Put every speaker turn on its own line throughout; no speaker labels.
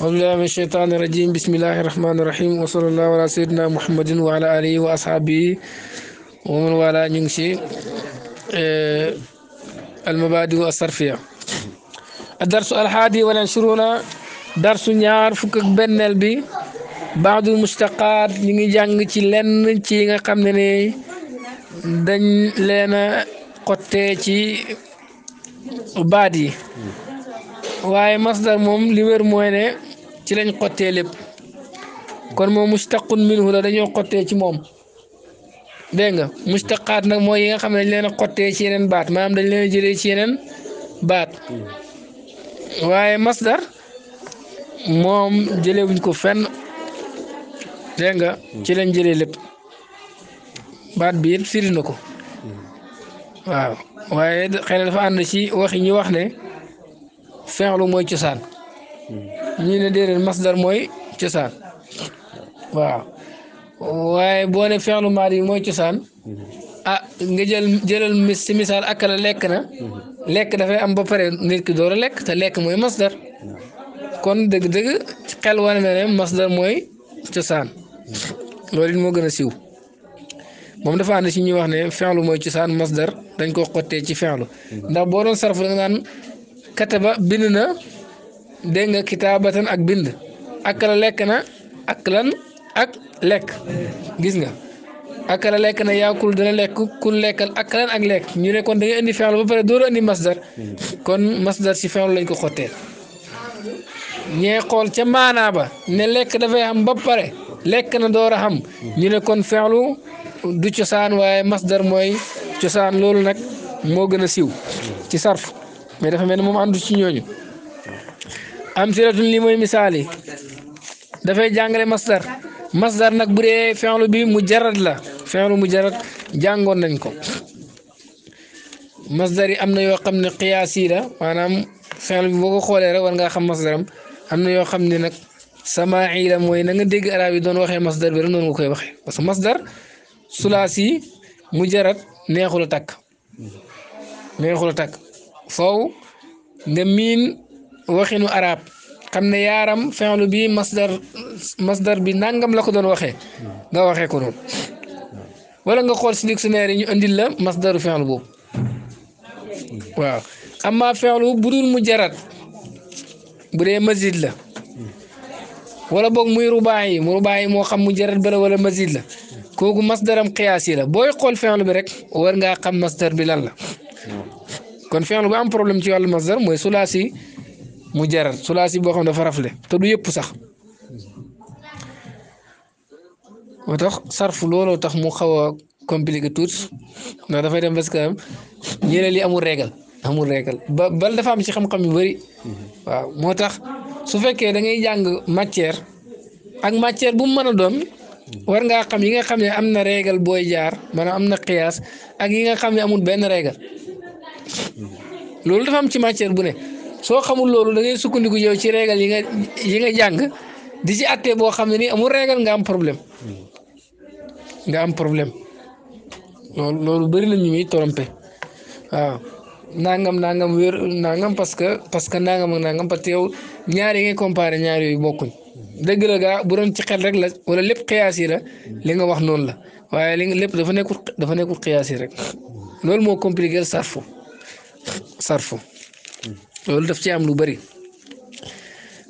أعوذ بالله من الشيطان الرجيم بسم الله الرحمن الرحيم وصلى الله على سيدنا محمد وعلى آله وأصحابه ومن ولا نمشي eh, المبادئ الصرفية الدرس الحادي والعشرون درس نيار fukk ak benneel بعض المشتقات ñu ngi jàng ci lenn ci دنج xam ne تي dañ waaye masdar moom li wér mooy ne ci lañ xottee lépp kon moo mustaqun minhu la dañoo xottee ci moom dégg nga mustaqaat nag mooy yi nga xam ne dañ leen a xottee ci yeneen baat maam dañ leen a jëlee ci yeneen baat waaye masdar moom jëlewuñ ko fenn dégg nga ci lañ jëlee lépp baat bi yëpp na ko waaw waaye xëy na dafa ànd ci wax yi ñu wax ne fexlu mooy cosaan ñu ne déedéet masdar mooy cosaan waaw waaye boo ne fi'lu maadi mooy cosaan mm-hmm. ah nga jël jëlal si misaal akala lekk na mm-hmm. lekk dafay am ba pare nit ki door a lekk te lekk mooy masdar kon dëgg-dëgg xel wane na ne masdar mooy cosaan mm-hmm. loolu it moo gën a siw moom dafa ànd si ñuy wax ne fi'lu mooy cosaan masdar dañ ko xottee ci fi'lu ndax boo doon sarf da nga naan kataba bind na. dégg nga kitaabatan ak bind akala lekk na ak lan ak lekk gis nga akala lekk na yaakul dana lekk kul lekkal akalan ak lekk ñu ne kon da nga indi fenlu ba pare dooru indi masdar kon masdar ci fenlu ko xottee ñee xool ca maanaa ba ne lekk dafay xam ba pare lekk na door a xam ñu ne kon fenlu du cosaan waaye masdar mooy cosaan loolu nag moo gën a siw ci sarf mais dafa mel ne moom àndu ci ñooñu amsilatun lii mooy misaal yi dafay jàngale masdar masdar nag bu dee fi'lu bi mujarrad la fi'lu mujarrad jàngoon nañ ko masdar yi am na yoo xam ne qiyaas yi la maanaam fi'lu bi boo ko xoolee rek war ngaa xam masdaram am na yoo xam ne nag samaa'i la mooy na nga dégg arab yi doon waxee masdar bi rek noonu nga koy waxee parce que masdar sulaasi mujarrad neexul a takk neexul a takk nga miin. waxinu arab xam ne yaaram fi'lu bi masdar masdar bi nangam la ko doon waxee nga waxee ko noonu wala nga xool si dictionnaire ñu andil la masdaru fi'lu boobu waaw amma fi'lu bu dul mujarrad bu dee mazid la wala boog muy rubaayi mu rubaayi moo xam mujarrad bala wala mazid la kooku masdaram qiyaas yi la booy xool fi'lu bi rek war ngaa xam masdar bi lan la kon fi'lu bu am problème ci wàllu masdar mooy sulaasi mu jaral sulasi bo xam dafa rafle te du yep sax motax tax sarfu looloo tax mu xawa a tout na da fay dem parce que ñene li amul regal amul regal ba bal dafa am ci xam-xam yu bari wa motax su fekke da ngay jang matière ak matière bu mu doon war nga xam yi nga xam ne am na régal jaar man amna qiyas ak yi nga xam ne amul benn régal loolu dafa am ci matière bu ne. soo xamul loolu da ngay sukkandiku yow ci régal yi nga yi nga jàng di ci àtte boo xam ne nii amul régal nga am problème nga am problème loolu loolu bëri na ñu muy trompé nangam nangam wér nangam parce que parce que nangam ak nangam parce yow ñaar yi ngay comparé ñaar yooyu bokkuñ dëgg la ga bu doon ci xel rek la wala lépp xiyaas yi la li nga wax noonu la waaye li lépp dafa nekkul dafa nekkul xiyaas rek loolu moo compliqué sarfu sarfu loolu daf ci am lu bari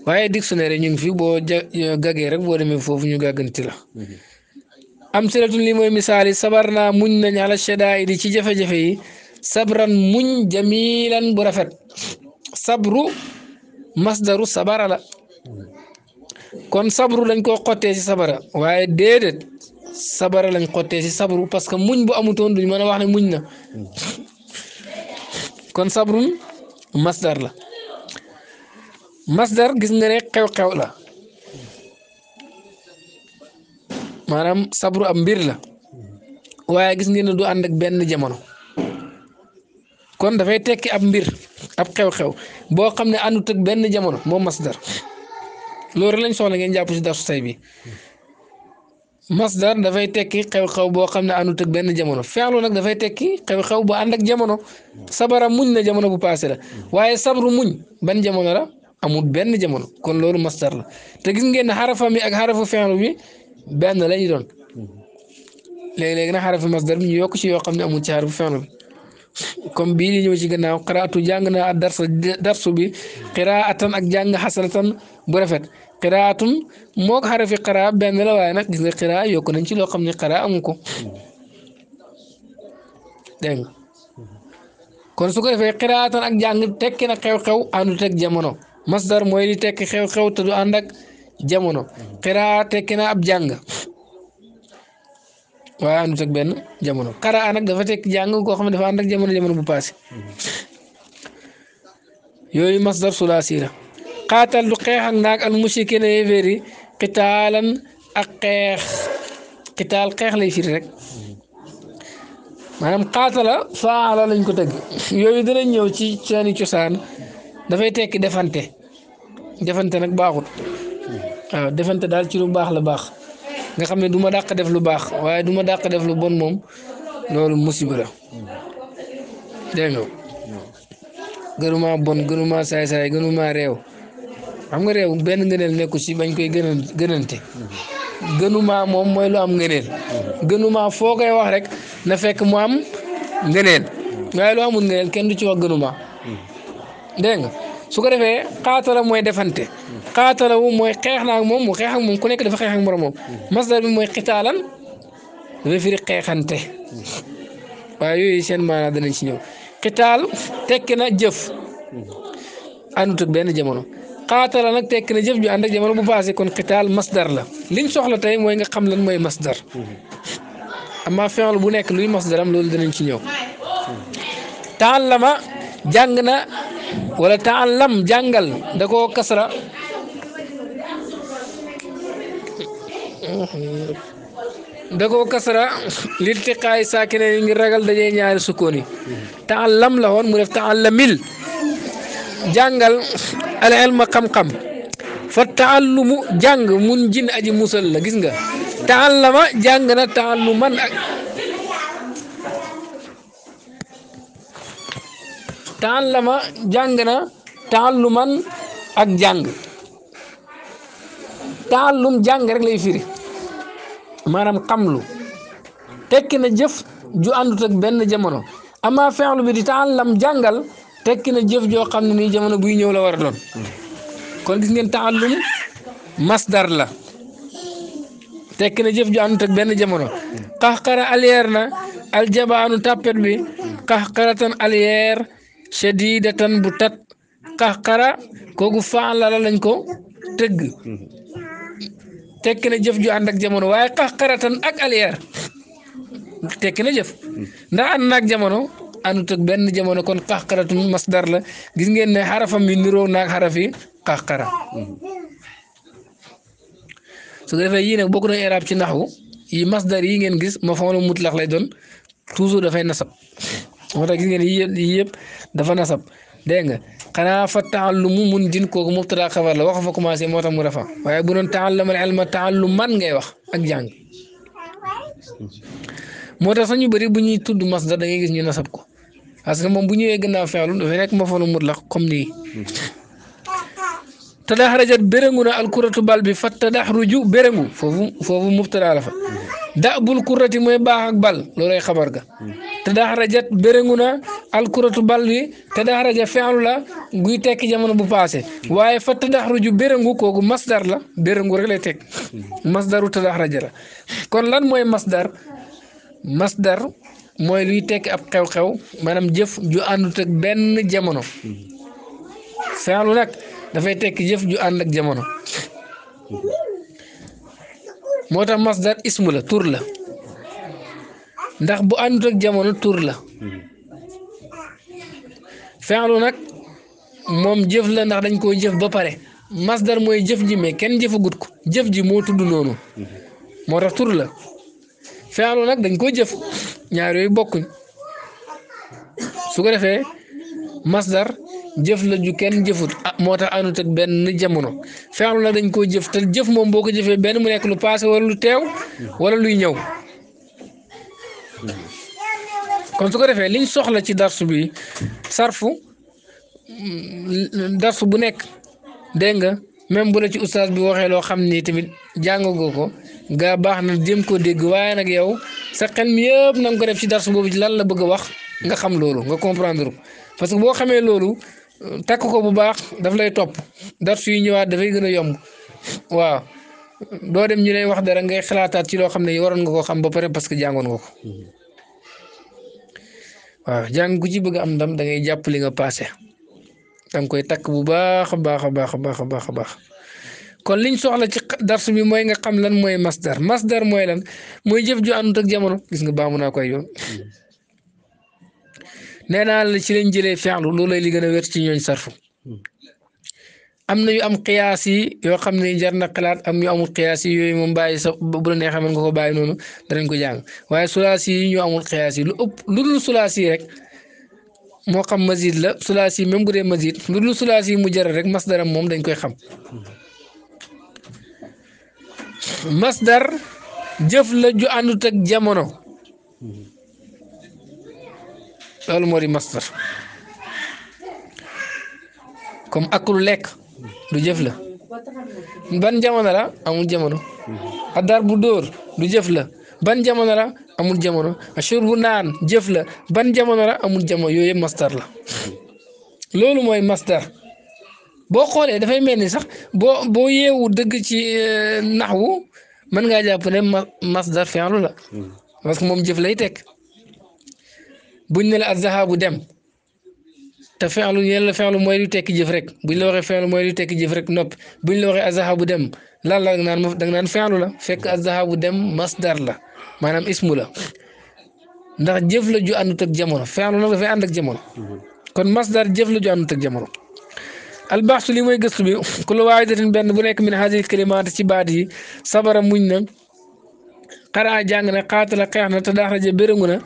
waaye dictionnaire yi ñu ngi fi boo gagee rek boo demee foofu ñu gàgganti la mm-hmm. am siratun li mooy misaali sabar naa muñ nañ ala shadaa'idi ci jafe-jafe yi sabran muñ jamilan bu rafet sabru masdaru sabara la kon sabru lañ ko xottee ci sabara waaye déedéet sabara lañ xottee ci sabaru parce que muñ bu amutoon duñ mën a wax ne muñ na mm-hmm. kon sabrun masdar la masdar gis nga ne xew-xew la maanaam sabru ab mbir la waaye gis ngeen ne du ànd ak benn jamono kon dafay tekki ab mbir ab xew-xew boo xam ne àndut ak benn jamono moom masdar loolu lañ soxla ngeen jàpp ci darsu tay bi masdar dafay tekki xew-xew boo xam ne àndut ak benn jamono feexlu nag dafay tekki xew-xew bu ànd ak jamono sabara muñ na jamono bu paase la waaye sabru muñ ban jamono la amut benn jamono kon loolu masdar la te gis ngeen ne xarafa mi ak xarafu feexlu bi benn la ñu doon léegi-léegi nag xarafu masdar bi ñu yokk ci yoo xam ne amul ci xarafu feexlu bi comme bii di ñëw ci gannaaw qiraatu jàng naa darsu darsu bi qiraatan ak jàng xasanatan bu rafet qiraatun moog xarafi qara benn la waaye nag gis nga qira yokk nañ ci loo xam ne qara amu ko dégg nga kon su ko defee qiraatan ak jàng tekki na xew-xew àndut ak jamono masdar mooy li tekki xew-xew te du jamono qiraa na ab jàng waaye àndut ak benn jamono qara dafa tekki jàng koo xam ne dafa ànd ak jamono jamono bu paase yooyu masdar sulaasi la xaatal du xeex ak naag al mushrikina yéeféer yi xitaalan ak xeex xitaal xeex lay firi rek maanaam xaatala faala lañ ko teg yooyu danañ ñëw ci seeni cosaan dafay tekki defante defante nag baaxut waaw defante daal ci lu baax la baax nga xam ne duma daq def lu baax waaye duma ma dàq def lu bon moom loolu musiba la dégg nga mm. gënuma bon gënuma saay saay gënuma réew xam nga réew benn ngëneel nekku si bañ koy gëna gënante gënumaa moom mooy lu am ngëneel gënumaa foo koy wax rek na fekk mu am ngëneel waaye lu amul ngëneel kenn du ci wax gënumaa dégg nga su ko defee xaatala mooy defante xaatala mooy xeex naag moom mu xeex moom ku nekk dafa xeex ak moroomam masdar bi mooy xitaalan dafay firi xeexante waaye yooyu seen maanaa danañ ci ñëw xitaal tekki na jëf àndut ak benn jamono قاتل نك تك نجف بي اندك جمال بو باسي كون قتال مصدر لا لين سوخلا تاي موي nga xam lan moy masdar اما فعل بو نيك لوي مصدرام لول دا نانسي نيو تعلم جانغنا ولا تعلم جانغال داكو كسرا داكو كسرا لالتقاء ساكنين ngir ragal dajé ñaar sukoni تعلم لهون مو تعلمل جانغال al ilma xam-xam fa taallumu jàng mun jin aji musal la gis nga taallama jàng na taalluman ak taallama ak jàng taallum jàng rek lay firi maanaam xamlu tekki na jëf ju àndut ak benn jamono ama fexlu bi di taallam jàngal tekki na jëf joo xam ne nii jamono buy ñëw la war a doon kon gis ngeen taallum masdar la tekki na jëf ju àndut benn jamono qaxqara na aljabaanu tàppet bi qaxqaratan aliyeer bu tat qaxqara kooku faan la ko tëgg tekki na jëf ju ànd ak jamono waaye qaxqaratan ak aliyeer tekki na jëf ndax ànd na ak àndut ak benn jamono kon qaxqaratu masdar la gis ngeen ne xarafam yi niroo naag xarafi qaxqara su ko defee yii nag bokk na érab ci naxwu yi masdar yi ngeen gis ma famoon mutlax lay doon toujours dafay nasab moo tax gis ngeen yii yëpp dafa nasab dégg nga xanaa fa taallumu mun din kooku mubtada xabar la wax fa commencé moo tax mu rafa waaye bu doon taallama elma man ngay wax ak jàng moo tax sax ñu bari bu ñuy tudd mas da ngay ko parce que moom bu ñëwee gannaaw feexlu dafay nekk mafoolu mutlaq comme nii tadaxrajat béréngu na alkuratu bal bi fa tadaxruju béréngu foofu foofu mubtada fa da bul kurati mooy baax ak bal loolay xabar ga tadaxrajat béréngu na alkuratu bal bi tadaxraja fi'lu la guy tekki jamono bu passé waaye fa tadaxruju béréngu kooku masdar la béréngu rek lay tekk masdaru tadaxraja la kon lan mooy masdar mooy luy tekki ab xew-xew maanaam jëf ju àndut ak benn jamono fexlu nag dafay tekki jëf ju ànd ak jamono moo tax masdar ismu la tur la ndax bu àndut ak jamono tur la fexlu nag moom jëf la ndax dañ koo jëf ba pare masdar mooy jëf ji mais kenn jëfagut ko jëf ji moo tudd noonu moo tax tur la fexlu nag dañ koo jëf. ñaar yooyu bokkuñ su ko defee masdar jëf la ju kenn jëfut ah, moo tax anut ak benn jamono fexlu la dañ ko jëf te jëf moom boo ko jëfee benn mu nekk lu paase wala teew wala luy ñëw kon su ko defee liñ soxla ci darsu bi sarfu mm, darsu bu nekk dégg nga même bu la ci ustaas bi waxee loo xam ni tamit jàngagoo ko nga baax na jéem koo dégg waaye nag yow sa xel mi yëpp na ko def ci dars boobu ci lan la bëgg a wax nga xam loolu nga comprendre ko parce que boo xamee loolu takk ko bu baax daf lay topp dars yi ñëwaat dafay gën a yomb waaw doo dem ñu lay wax dara ngay xalaataat ci loo xam ne waroon nga ko xam ba pare parce que jàngoon nga ko jàng ku ci bëgg am ndam da ngay jàpp li nga passé da koy takk bu baax a baax a baax a baax a baax. kon liñ soxla ci dars bi mooy nga xam lan mooy masdar masdar mooy lan mooy jëf ju àndut ak jamono gis nga baamu naa koy yoon nee naa la ci lañ jëlee fi'lu loolay li gën a wér ci ñooñ sarfu am na yu am xiyaas yi yoo xam ne jar na xalaat am yu amul xiyaas yi yooyu moom bàyyi sa bu la neexee mën nga ko bàyyi noonu danañ ko jàng waaye sulaas yi ñu amul xiyaas yi lu ëpp lu dul sulaas yi rek moo xam mazid la sulaas yi même bu dee mazid lu dul sulaas yi mu jar rek masdaram moom dañ koy xam masdar jëf la ju àndut ak jamono loolu moo di masdar comme akulu lekk du jëf la ban jamono la amul jamono adar bu dóor du jëf la ban jamono la amul jamono ashur bu naan jëf la ban jamono la amul jamono yooyu masdar la loolu mooy masdar boo xoolee dafay mel ni sax boo boo yeewu dëgg ci naxwu mën ngaa jàpp ne masdar fi'lu la parce que moom jëf lay teg buñ ne la azzahabu dem te fi'lu yéen la fi'lu mooy lu tekki jëf rek buñ la waxee fi'lu mooy lu tekki jëf rek noppi buñ la waxee azzahabu dem lan la naan da nga naan fi'lu la fekk azzahabu dem masdar la maanaam ismu la ndax jëf la ju àndut ak jamono fi'lu nag dafay ànd ak jamono kon masdar jëf la ju àndut ak jamono. albaxtu li mooy gëstu bi ku la waaye datin benn bu nekk min hasil kalimaat ci baat yi sabara muñ na xaraa jàng na xaatala xeex na te daax rajo béréngu na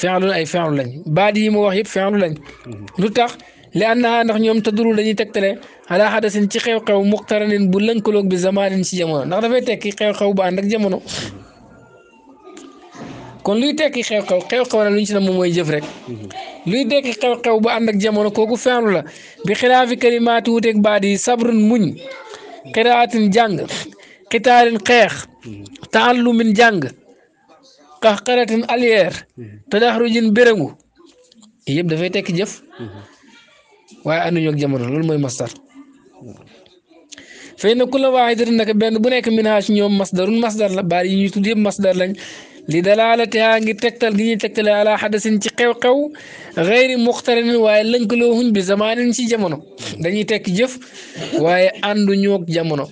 fenlun ay fenlu lañ baat yi mu wax yëpp fenlu lañ mhm. lu tax li an naa ndax ñoom taduru dañuy tegtale alaa xadasin ci xew-xew muxtaranin bu lënkaloog bi zamanin ci jamono ndax dafay tekki xew-xew ba ànd ak jamono kon luy tekki xew-xew xew la lu moom mooy jëf rek luy tekki xew-xew bu ànd ak jamono kooku fenlu la bi xilaafi kalimaati wuteeg baat yi sabrun muñ xiraatin jàng xitaarin xeex taallumin jàng qaxqaratin aliyeer tadaxrujin béréngu yëpp dafay tekki jëf waaye ànduñu ak jamono loolu mooy masdar fay na ku la waaxidatin benn bu nekk minage ñoom masdarun masdar la baat yi ñuy tudd yëpp masdar lañ li dalalatiha ngir tegtal gi ñuy tegtale ala xadasin ci xew-xew xeyri muxtarinin waaye lënkaloohuñ bi zamanin ci jamono dañuy tekk jëf waaye àndu ñoog jamono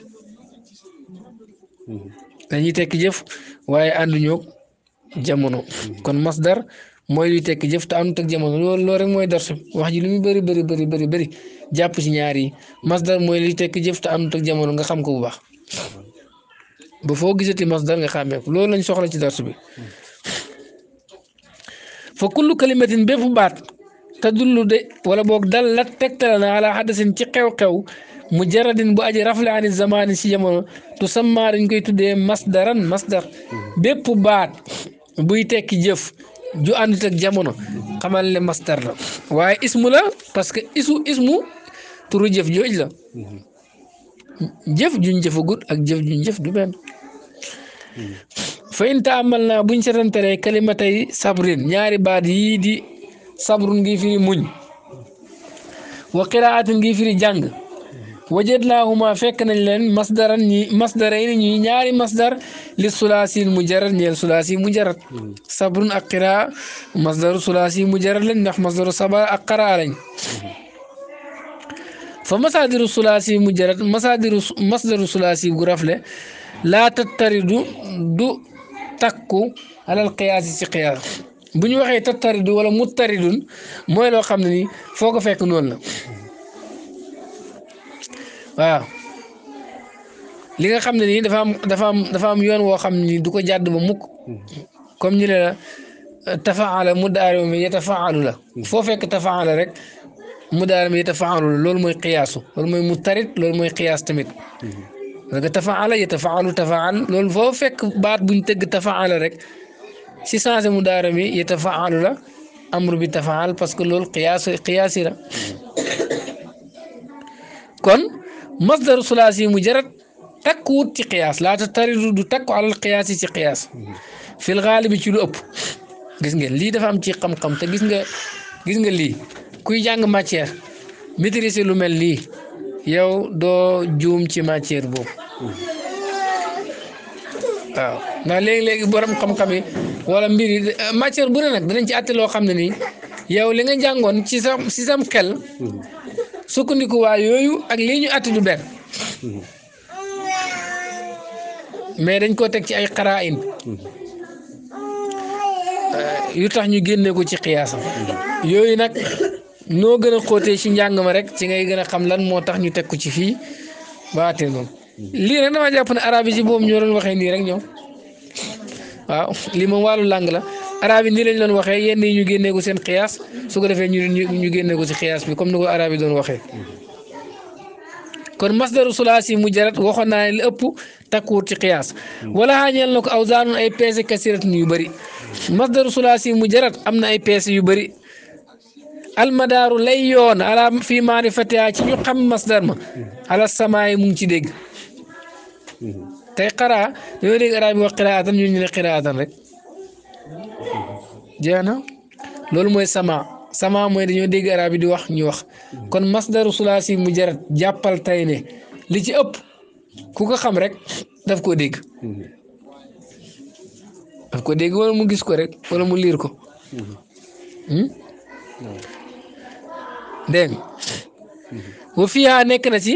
dañuy tekk jëf waaye àndu jamono kon masdar mooy luy tekk jëf te àndut ak jamono loolu loolu rek mooy darsu wax ji lu bari bëri bëri bëri jàpp ci ñaari yi masdar mooy luy tekk jëf te àndut ak jamono nga xam ko bu baax ba foo gisati masdar nga xàmmee ko loolu lañ soxla ci darsu bi fa kullu kalimatin bépp baat tadullu de wala boog la tegtale na ala xaddasin ci xew-xew mu jaradin bu aji rafle ani zamaani si jamono tu sammaa dañ koy tuddee masdaran masdar bépp baat buy tekki jëf ju àndut ak jamono xamal ne masdar la waaye ismu la parce que isu ismu turu jëf jooj la jëf juñ jëfagut ak jëf juñ jëf du benn fa in taamal naa buñ setantaree kalimatay sabrin ñaari baat yii di sabrun ngi firi muñ wa qiraatin ngi firi jàng wajet naahuma fekk nañ leen masdaran masdaray ni ñuy ñaari masdar li sulaasi mujarrad ñeel sulaasi mujarrad sabrun ak qiraa masdaru sulaasi mujarrad lañ ndax masdaru sabar ak qaraa lañ fa masaadiru sulaasi mujarrad masaadiru masdaru sulaasi gu rafle laa tattaridu du takku alal qiyaasi ci qiyaas bu ñu waxee tattaridu wala muttaridun mooy loo xam ne ni foo ko fekk noonu na waaw li nga xam ne nii dafa am dafa am dafa am yoon woo xam ni du ko jàdd ma mukk comme ñu ne la tafaala mu daari mi yatafaalu la hmm. foo fekk tafaala rek mudaari bi yatafaalu loolu mooy qiyaasu loolu mooy mutarid loolu mooy qiyaas tamit parce que tafaala yatafaalu tafaal loolu foo fekk baat buñ tëgg tafaala rek si changé mudaari bi yatafaalu la amru bi tafaal parce que loolu qiyaasu qiyaasi la kon masdaru sulaasi yi mu jarat takku wut ci qiyaas laata taridu du takku alal qiyaas yi ci qiyaas fil xaali bi ci lu ëpp gis ngeen lii dafa am ci xam-xam te gis nga gis nga lii kuy jàng matière maîtriser lu mel nii yow doo juum ci matière boobu waaw ndax léegi-léegi borom xam-xam yi wala mbir matière bu ne nag danañ ci àtte loo xam ne nii yow li nga jàngoon ci sam ci xel sukkandiku yooyu ak lii ñu àtte du benn mais dañ koo teg ci ay xaraayin yu tax ñu génne ko ci xiyaasam yooyu nag noo gën a xóotee ci njàng ma rek ci ngay gën a xam lan moo tax ñu teg ko ci fii baatee noonu lii nag dama jàpp na arabe yi si boobu ñoo doon waxee nii rek ñoom waaw lii moom wàllu làng la arabe yi nii lañ doon waxee yenn yi ñu génnee ko seen xiyaas su ko defee ñu ñu génnee ko si xiyaas bi comme ni ko arabe yi doon waxee. kon masdaru sulaasi mujarrad waxoon naa ne li ëpp takkuwut ci xiyaas wala xaañeel na ko aw zaanun ay peese kasiratun yu bari masdaru sulaasi am na ay peese yu bëri. almadaaru lay yoon fi maarifatiha ci ñu xam masdar ma ala samaay mu ngi ci dégg tey xaraa dañoo dégg arab wax xiraatan ñu ñu ne xiraatan rek jeex na loolu mooy sama sama mooy dañoo dégg arab di wax ñu wax kon masdaru sulaasi mu jarat jàppal tay ne li ci ëpp ku ko xam rek daf koo dégg daf ko dégg wala mu gis ko rek wala mu liir ko hmm? dégg nga fiihaa nekk na ci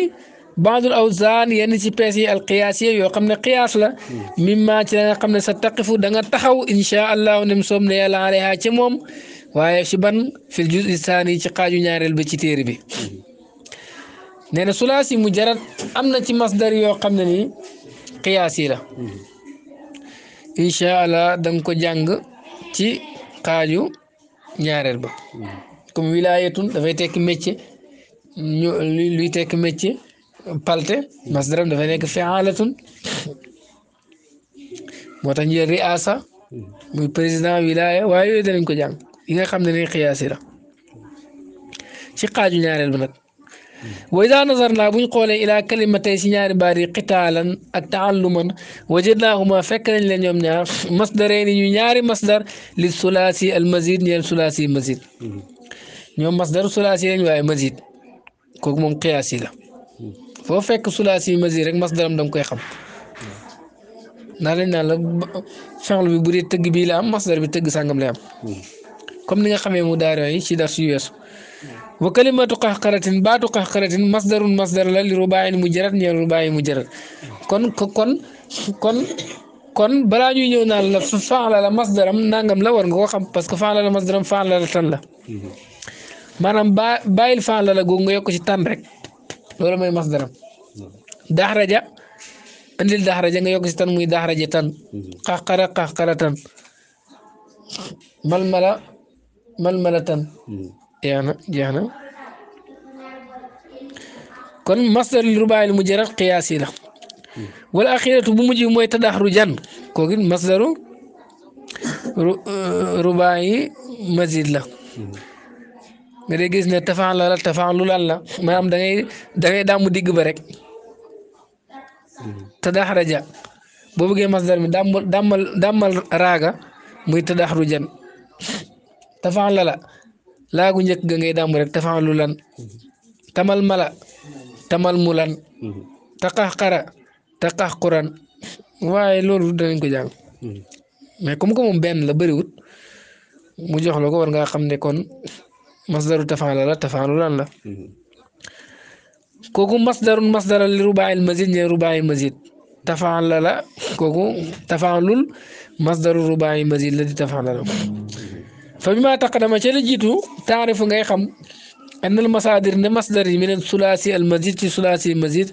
bandul awsaan yenn ci pees yi alqiyaas yoo xam ne qiyaas la ma ci la nga xam ne sa taqifu da nga taxaw insha allahu nem soom ne yàlla aleyha ci moom waaye ci ban fil juz saani ci xaaju ñaareel ba ci téere bi nee na sulaasi mujarrad am na ci masdar yoo xam ne nii qiyaas yi la incha allah da ko jàng ci xaaju ñaareel ba comme wilaayatun dafay tekki métier ñu luy tekki métier palte masdaram dafay nekk fi'aalatun moo tax ñu ne riasa muy président wilaya waaye yooyu danañ ko jàng yi nga xam ne ni xiyaasi la ci xaaju ñaareel bi nag wa ida nazarna buñ xoolee ilaa kalimatay si ñaari baat yi qitaalan ak taalluman wajadnaahuma fekk nañ la ñoom ñaar masdaree ni ñu ñaari masdar li sulaasi al ñoom masdaru sulaasi lañ waaye mazid kooku moom qiyaasi la foo fekk sulaasi mazid rek masdaram da koy xam naa lañ naan la fenl bi bu dee tëgg bii la am masdar bi tëgg sàngam ni nga xamee mu daaro yi ci dar su weesu baatu qaxqaratin masdarun masdar la li rubaayin mujarrad ñeel rubaayin mujarrad kon kon kon kon balaa ñuy ñëw naan la faala la masdaram nangam la war nga ko xam parce que faala la masdaram faala tan la maanaam ba bàyyil fan la la googu nga yokk ci tan rek loolu mooy masdaram daxraja andil daxraja nga yokk ci tan muy daxraja tan qaxqara mhm. qaxqara tan malmala tan mhm. jeex na kon masdar li rubaayil mujarrad qiyaasi la mhm. wala axiratu bu mujj mooy tadaxrujan kooku masdaru euh, rubaayi mazid la nga dee gis ne tafaan la la lu laal la maanaam da ngay da ngay daamu digg ba rek tadaxraja boo bëggee masdar mi dàmmal dàmmal muy tadaxrujan tafaan la la laagu njëkk ga ngay dàmm rek tafaan lu lan tamal mala tamal mu lan taqaxqara taqaxquran waaye loolu danañ ko jàng hmm. mais comme que moom benn la bëriwut mu jox la war ngaa xam ne kon masdaru tafaala la tafaalu lan la kooku masdarun masdara li rubaayil mazid ñe rubaayil mazid tafaala la kooku tafaalul masdaru rubaayil mazid la di tafaala la fa bi ma taqadama ca la jiitu taarifu ngay xam an al masaadir ne masdar yi min sulaasi al mazid ci sulaasi mazid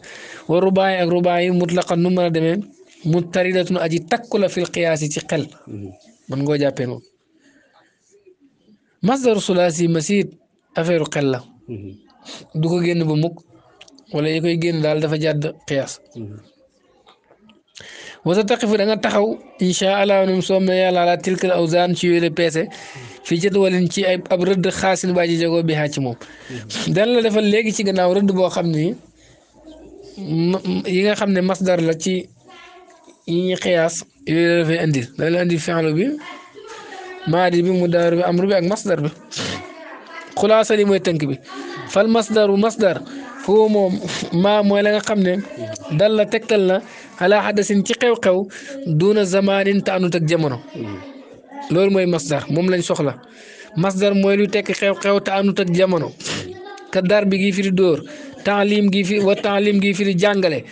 wa rubaay ak rubaay mutlaqan nu mën a demee mutaridatun aji takku la fil qiyaasi ci xel mën ngoo jàppee noonu مصدر سلاسي مسير أفير قلة دوكو جين بمك ولا يكو جين دال دفا جاد قياس وستقف لنا تخو إن شاء الله نمسوم على تلك الأوزان شو يلي في جدول شي أب رد خاص باجي جاكو بها چمو دان لدفا لأيكي شي غناو رد بو خمني ييغا خمني مصدر لكي يني قياس يلي في أندي دان لأندي فعلو بي ماري بي مدار بي امر بي اك مصدر بي خلاصه لي موي تنك بي فالمصدر ومصدر هو مو ما موي لاغا خامني دال تكتل لا على حدث تي خيو دون زمان تانوت اك جمانو لول موي مصدر موم لا نسوخلا مصدر موي لو تك خيو خيو تانوت كدار بي غي فيري دور تعليم غي وتعليم غي فيري جانغالي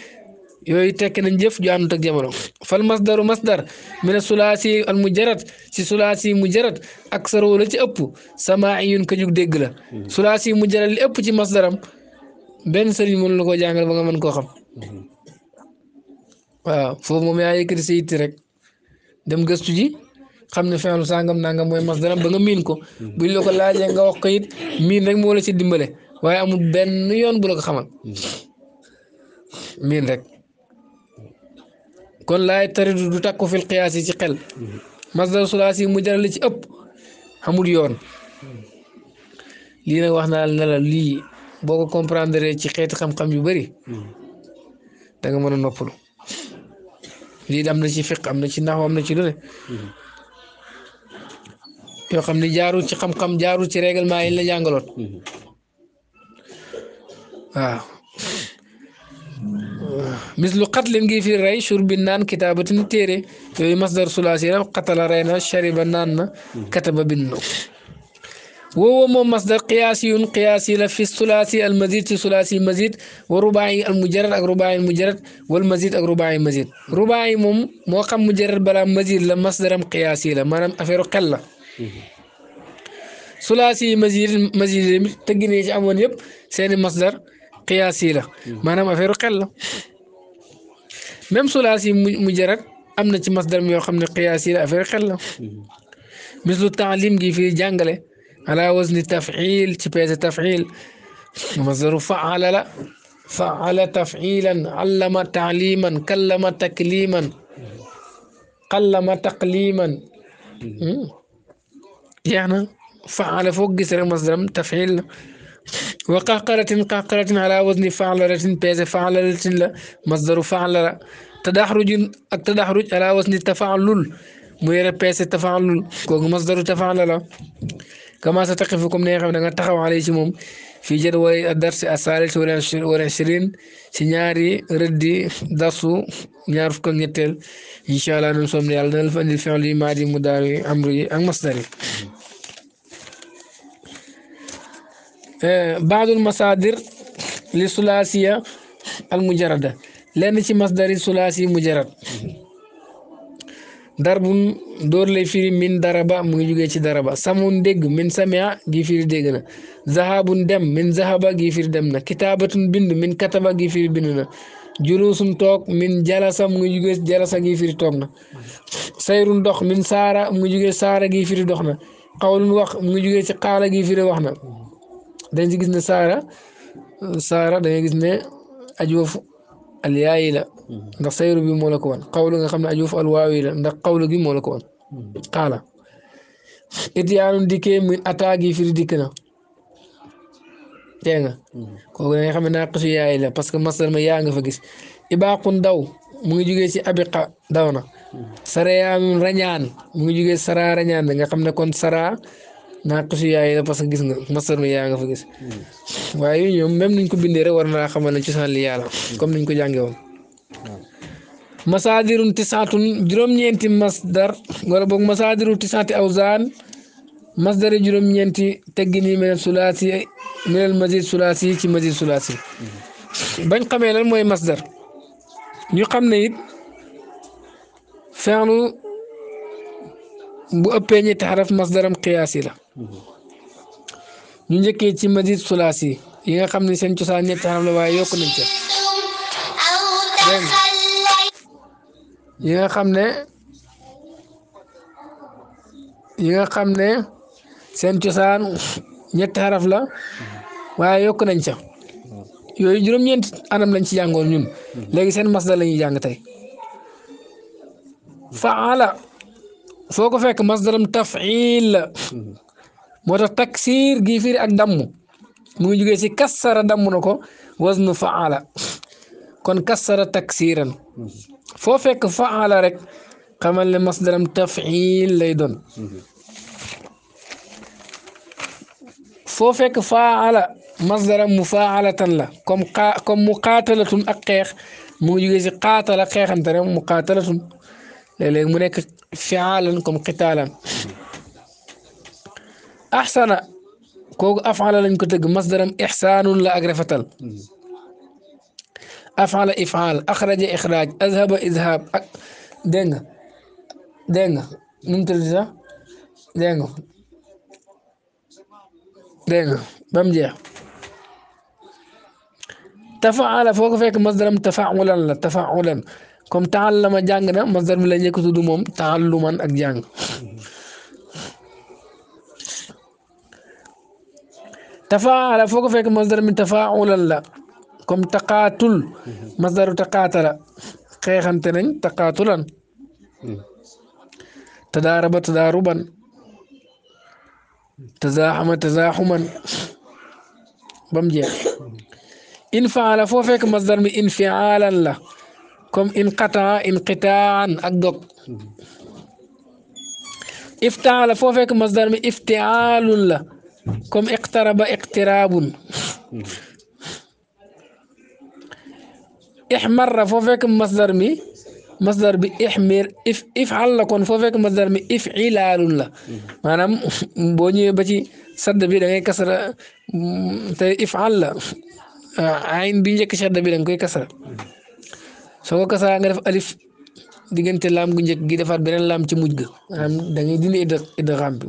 yooyu tekki nañ jëf ju àndut ak jamono fal masdaru masdar mina sulaasi al mujarrad si sulaasi mujarrad aksaru la ci ëpp samaa'iyun ka jug dégg la sulaasi mujarrad li ëpp ci masdaram benn sëriñ mënu la koo jàngal ba nga mën koo xam mhm. waaw foofu moom yaa yëkkati sa rek dem gëstu ji xam ne fenlu sangam nangam mooy masdaram ba nga miin ko mhm. bu la ko nga wax ko it miin rek moo la ci dimbale waaye amul benn yoon bu la ko mhm. miin rek كون لا يترد تاكو في القياس سي خيل مصدر ثلاثي مجرل سي اوب حمود يون لي نا واخنا لنا لي بوكو كومبراندر سي خيت خم خم يو بري داغا مانا نوبلو لي دامنا سي فيق امنا سي نحو امنا سي لول يو خم ني جارو سي خم خم جارو سي ريغل ما لا جانغلون واو آه. مثل قتل gi firi rey shurbin naan kitaabatin téere yooyu masdar sulaasi la qatala rey na shariba وهو مصدر قياسي قياسي لفي الثلاثي المزيد في الثلاثي المزيد ورباعي المجرد الرباعي المجرد والمزيد الرباعي المزيد رباعي مم موقع مجرد بلا مزيد لمصدر قياسي لما نم أفيرو قلة ثلاثي مزيد مزيد تجيني أمون يب سين مصدر قياسي لا مانام افيرو خيل لا ميم سولاسي مجرك امنا سي مصدر ميو خامني قياسي لا افيرو خيل لا مثل التعليم جي في جانغلي على وزن التفعيل تبيز تفعيل مصدر فعل لا فعل تفعيلا علم تعليما كلم تكليما قلم تقليما يعني فعل فوق جسر مصدر تفعيل وقهقرة قهقرة على وزن فعلرة بيز فعلرة مصدر فعلرة تدحرج التدحرج على وزن تفعلل مير بيز تفعلل كوك مصدر تفعل لا كما ستقفكم نيغا دا تخاو عليه سي في جدول الدرس الثالث والعشرين سي نياري ردي درسو نعرف fukk ak ان شاء الله som yalla dal fa andi مداري امري mudari amri baadul masaadir li sulaasiya al mujarada lenn ci masdari sulaasi mujarad darbun dóor lay firi min daraba mu ngi jugee ci daraba samun dégg min samia gi firi dégg na zahabun dem min zahaba gi firi dem na kitaabatun bind min kataba gi firi bind na julusun toog min jalasa mu ngi jugee jalasa gi firi toog na sayrun dox min saara mu ngi jugee saara gi firi dox na xawlun wax mu ngi jugee ci kaala gi firi wax na dañ si gis ne saara saara da ngay gis ne ajoofu alyaayi la mm-hmm. ndax sayru bi moo la ko wan xawlu nga xam ne ajoofu alwaawi la ndax xawlu gi moo la ko wan mm-hmm. xaala it yaanun dikkee min attaque yi firi dikk na dégg nga nga mm-hmm. xam ne naaqisu yaay la parce que masdar yaa nga fa gis ibaaqun daw mu ngi jugee ci abiqa daw na sarayaanun rañaan mu ngi jugee sara rañaan nga xam ne kon sara naa su yaay parce que gis nga masar mi yaa nga fa gis waaye yooyu ñoom même nuñ ko bindee rek war naa xamal ne cosaan li yàlla comme niñ ko jàngee woon hmm. masaadirun tisaatun juróom-ñeenti masdar wala boog masaadiru tisaati awzaan hmm. masdar yi juróom-ñeenti teggi nii menel sulaasi menel mazid ci mazid sulaasi bañ ñu xam ne it feexlu bu ëppee ñetti xaraf masdaram qiyaas yi la mm-hmm. ñu njëkkee ci mazid sulaas yi nga xam ne seen cosaan ñetti xaraf la waaye yokk nañ ca nga xam ne yi nga xam ne seen cosaan ñetti xaraf la mm-hmm. waaye yokk nañ ca mm-hmm. yooyu juróom-ñeent anam lañ ci jàngoon ñun léegi seen masdar la ñuy jàng tey faala foo ko fekk masdaram tafil la moo tax taksiir gii firi ak damm mu ngi jugee si kassara damm na ko waznu faala kon kassara taksiiran foo fekk faala rek xamal ne masdaram tafil lay doon foo fekk faala masdaram mu faalatan la comme comme mu qaatalatun ak xeex mu ngi jugee si qaatala xeexante rek mu qaatalatun léeg-léeg mu nekk كم قتالا أحسن كوغ أفعل لنكتك مصدر إحسان لا أغرفتل أفعل إفعال أخرج إخراج أذهب إذهاب أك... دينغ دينغ جزا دينغ دينغ بمجيح تفعل فوق فيك مصدر تفعلا تفعلا comme taallama jàng na masdar bi la njëkk tudd moom taalluman ak jàng tafaala foo ko fekk masdar mi tafaulan la comme taqaatul masdaru taqaatala xeexante nañ taqaatulan tadaaraba tadaaruban tazaaxama tazaaxuman bam jeex infaala foo fekk masdar mi infaalan la كم إن قطع إن قطع أدق افتعل فوفك مصدر من افتعال لا كم اقترب اقتراب احمر فوفك مصدر من مصدر بإحمر إف إفعل لكون فوفك مصدر من إفعلال لا أنا آه، بوني بتي سد بي داغي كسر تي إفعل عين بي نيك شد بي داغي كسر soo ko kasara nga def alif diggante laam gu njëkk gi defaat beneen laam ci mujj ga maanaam da ngay bi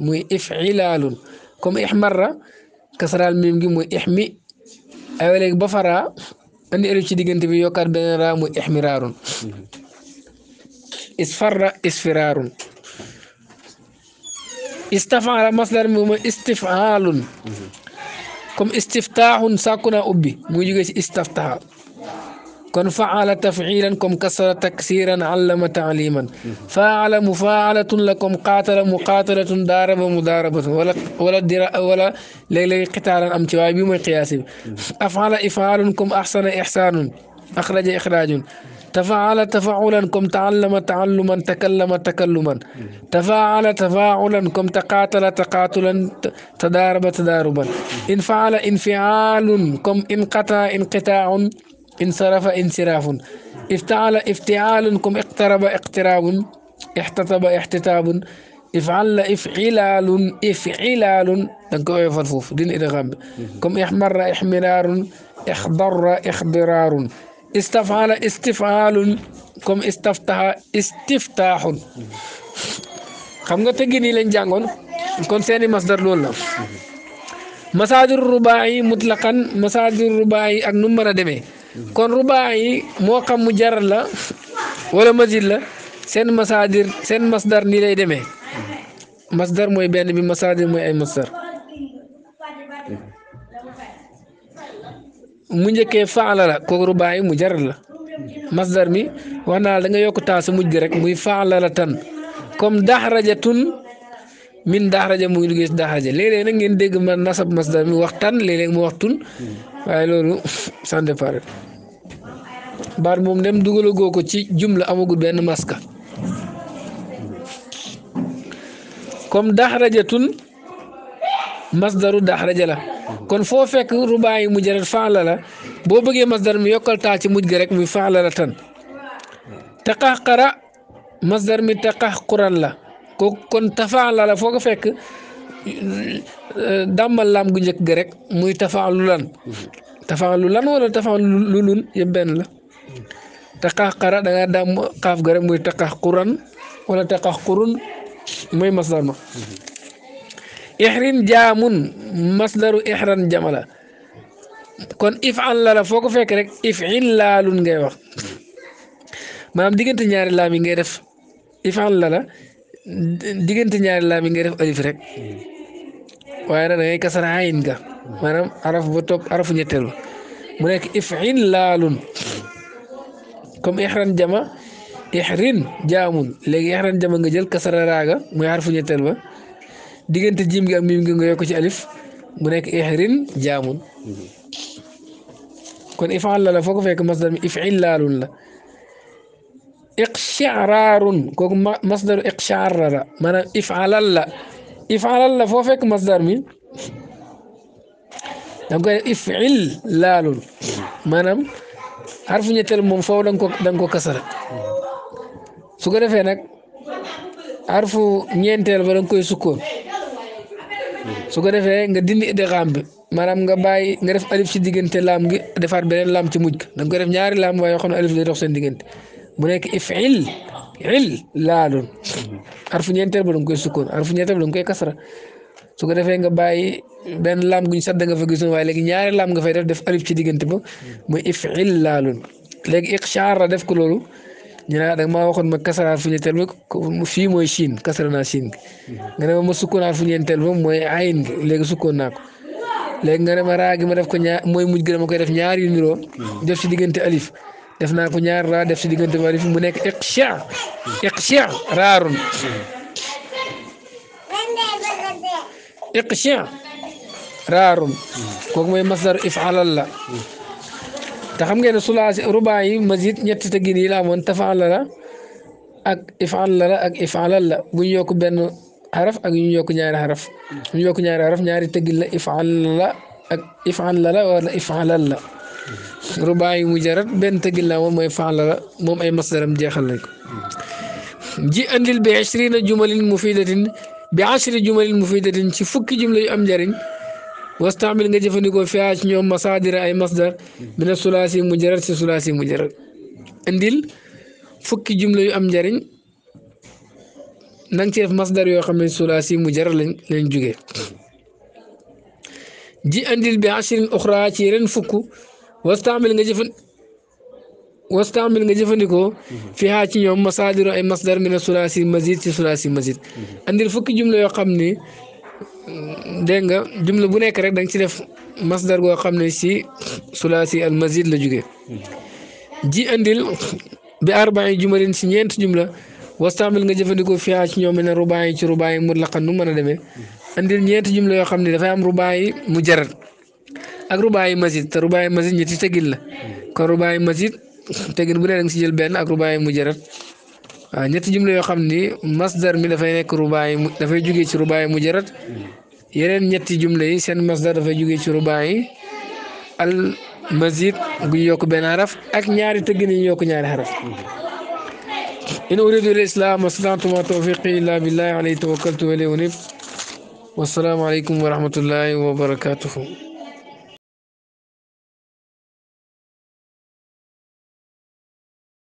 muy ifilaalun comme ixmarra kasaraal miim gi muy ixmi aywa léegi ba fara andi alif ci diggante bi yokkaat beneen raa muy ixmiraarun isfarra isfiraarun istafaala masdar mi mooy istifaalun comme istiftaaxun sàkku ubbi muy jógee ci istaftaxa كن فعل تفعيلا كم كسر تكسيرا علم تعليما فعل مفاعلة لكم قاتل مقاتلة دارب مداربة ولا ولا ولا ليلى قتالا أم توابي من قياس أفعل إفعال كم أحسن إحسان أخرج إخراج تفعل تفعلا كم تعلم تعلما تكلم تكلما تفاعل تفاعلا كم تقاتل تقاتلا تدارب تداربا إن فعل إنفعال كم إن قتا إن قتاع انصرف انصراف افتعل افتعال كم اقترب اقتراب احتطب احتتاب افعل افعلال افعلال دنك اوي فرفوف دين ادغام كم احمر احمرار اخضر اخضرار استفعل استفعال كم استفتح استفتاح خمغا تيغي ني جانغون كون سيني مصدر لولا مساجر الرباعي مطلقا مساجر الرباعي اك دمي kon rubaa yi moo xam mu jaral la wala mazid la seen masaadir seen masdar nii lay deme masdar mooy benn bi masaadir mooy ay masdar mu njëkkee faala la kooku rubaa mu jaral la masdar mi wax naa la nga yokk taa sa mujj rek muy faala la tan comme daxraja tun min daxraja mu ngi liggéey si daxraja léeg-léeg nag ngeen dégg ma nasab masdar mi wax tan léeg-léeg mu wax tun waaye loolu sans départ baat moom dem goo ko ci jumla amagul benn maska comme daxrajatun masdaru daxraja la kon foo fekk rubaa mu mujarrad faala la boo bëggee masdar mi yokkal taa ci mujj ga rek muy faala la tan taqaxqara masdar mi taqaxquran la ko kon tafaala la foo ko fekk dàmbal laam gu njëkk ga rek muy tafaalu lan tafaalu lan wala tafaalu lulun yëpp benn la taqax qara da ngaa daam xaaf ga rek muy taqax quran wala taqax qurun mooy masdar ma ixrin jaamun masdaru ixran jamala kon if an la la foo ko fekk rek if in laalun ngay wax maanaam diggante ñaari laam yi ngay def if an la diggante ñaari laam yi ngay def alif rek waaye nag da ngay kasar ayin araf ba topp arafu ñetteel mu nekk if in laalun comme ixran jama ixrin jaamul léegi ixran jama nga jël kasara raaga muy xarfu ñetteel ba diggante jiim gi ak miim gi nga ci alif mu nekk ixrin jaamul kon ifaan la la foo ko fekk masdar mi ifin laalun la iqchaararun la la maanaam ifaalal la mi da nga koy ifin laalun maanaam xarfu ñetteel moom foofu da ko da nga ko kasara su ko defee nag xarfu ñeenteel ba da nga koy sukkoon su ko defee nga dindi idgaam bi maanaam nga bàyyi nga def alif ci diggante laam gi defaat beneen laam ci mujj da nga koy def ñaari laam waaye yoo xam ne alif lay dox seen diggante bu nekk ifil il laa doon xarfu ñeenteel ba nga koy sukkoon xarfu ñeenteel ba da nga koy kasara. su ko defee nga bàyyi benn laam guñ sadda nga fa gisoon waaye léegi ñaari laam nga fay def def alif ci diggante ba muy ifil laalun léegi iqchaar la def ko loolu ñu ne ah, da maa waxoon ma kasara fu ñeenteel ba fii mooy Chine kasara naa Chine nga ne ma fu ñeenteel ba mooy ayin léegi sukkoon naa ko léegi nga ma raa gi ma def ko ñaar mooy mujj gën a koy def ñaar yu niroo def ci diggante alif def naa ko ñaar raa def ci diggante alif mu nekk iqcha iqcha raarun iqsha raarum ko mooy masdar ifalal la te xam ngeen ne sulaasi rubaa yi ñetti tëggin yi la amoon tafaala la ak ifal la yokk benn xaraf ak ñu yokk ñaar xaraf ñu yokk ñaari ñaari tëggin la ifal la ak ifal la la wala ifalal la rubaa yi mujarrad benn tëggin la moom ay masdaram jeexal nañ ko andil bi ashrina jumalin bi ashri jumalin mufidatin ci fukki jumla yu am njëriñ wastaamil nga jëfandikoo fiyaa ci ñoom masaadira ay masdar mina sulaasi mujarrad si sulaasi mujarrad indil fukki jumla yu am njëriñ na nga ci def masdar yoo xam ne sulaasi mujarrad lañ lañ jugee ji indil bi ashrin uxra ci yeneen fukk wastaamil nga jëfandikoo wastaamil nga jëfandikoo fiha ci ñoom masaadiru ay masdar min a sulaasi mazid ci sulaasi mazid mm-hmm. andir fukki jumla yoo xam ni dégg nga jumla bu nekk rek da nga ci def masdar goo xam ne si sulaasi al mazid la jóge mm-hmm. ji andil bi arbain jumalin si ñeent jumla wastaamil nga jëfandikoo fiha ci ñoom min a rubaay ci rubaay mutlaqan nu mën a demee mm-hmm. andil ñeenti jumla yoo xam ne dafay am rubaay mu jarat ak rubaay mazid te rubaay mazid ñetti tegil la kon rubaay mazid tegin bu ne da si jël benn ak rubaay mujarrad waaw ñetti jumla yoo xam ni masdar mi dafay nekk rubaay dafay jugee ci rubaay mujarrad ñetti jumla yi seen masdar dafay jugee ci rubaay al mazid gu ñu yokk benn xaraf ak ñaari tëggin yi ñu yokk ñaari xaraf in uridu al islam astatuma tawfiqi illa billahi alayhi tawakkaltu wa ilayhi unib wassalaamu aleykum wa